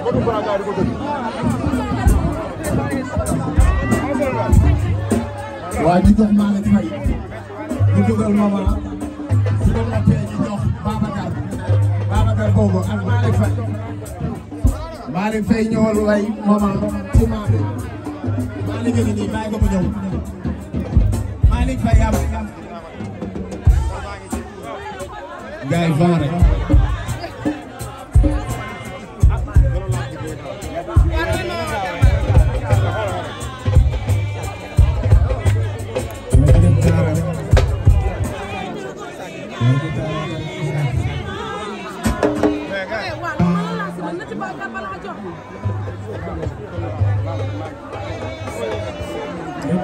Franc bëgg Franc gars yi di ko déglu. waaye ñu jox Malick Faye ñu dugal Mama su ko noppee ñu jox Babacar Babacar boobu ak Malick Faye Malick Faye ñëwal way Mama ci maa bi Malick a ngi nii bàyyi ko mu ñëw Malick Faye yaa gars yi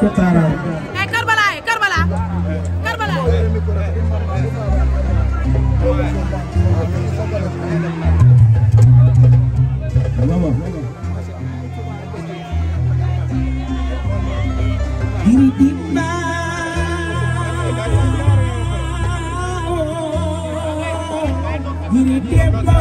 ko taaraal. eh Karbala yi eh, Karbala Karbala. mama. kiri dimba. kiri dimba.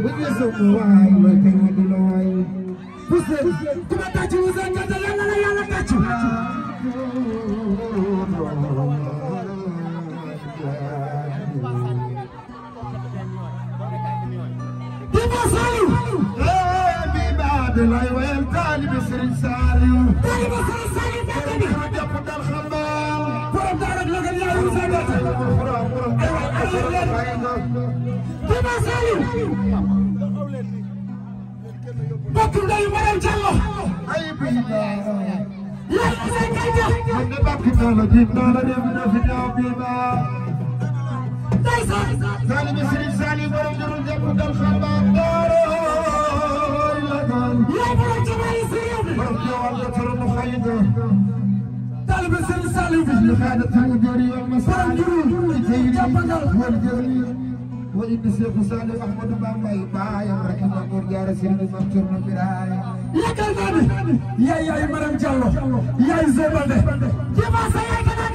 Mwenyezi Mungu hai weke ngidilo hai Kuse kumatachi uzaka zalala na yala kachi Diba salu Ebi badilai wel talibi Touba Saliou bokk ndeyu Mariam Diallo yéen a say kayita. Ndeysaan. allukaɗo tango jori yolma saaliɓe jeyɗi woni joni woni biseko saliw ahmadou bambay ɓaayam rakillaɓor jara sirɗi mam corno ɓiraya yakal naɓe yeyay maram diallo yay zebal de jima sayakana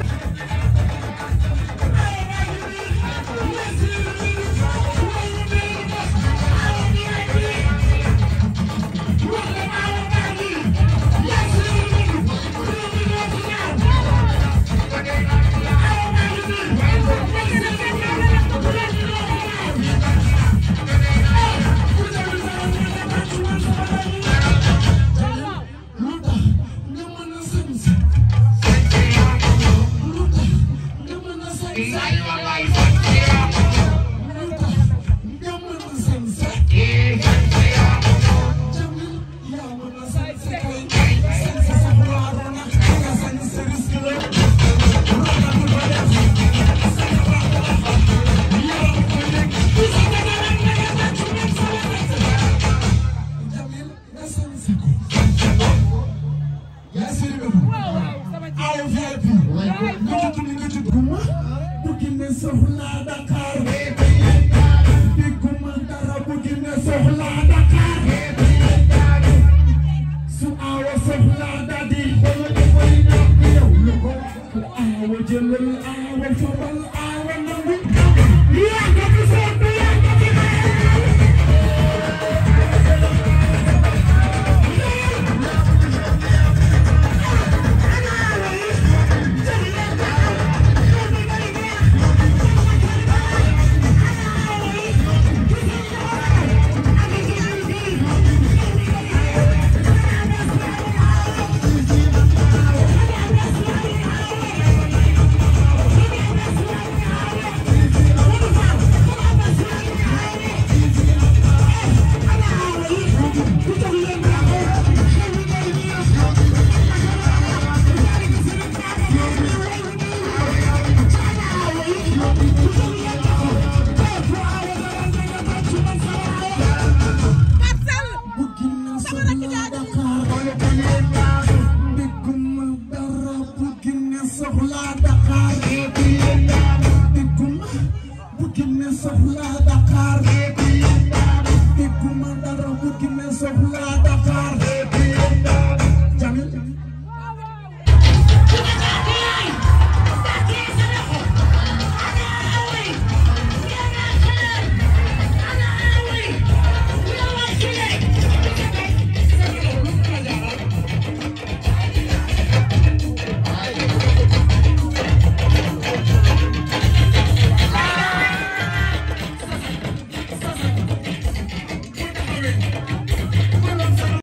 Medina soxla Dakar su awa soxla dadi xoolal mooy ñàkk yow lu ko awa jëlal awa fabal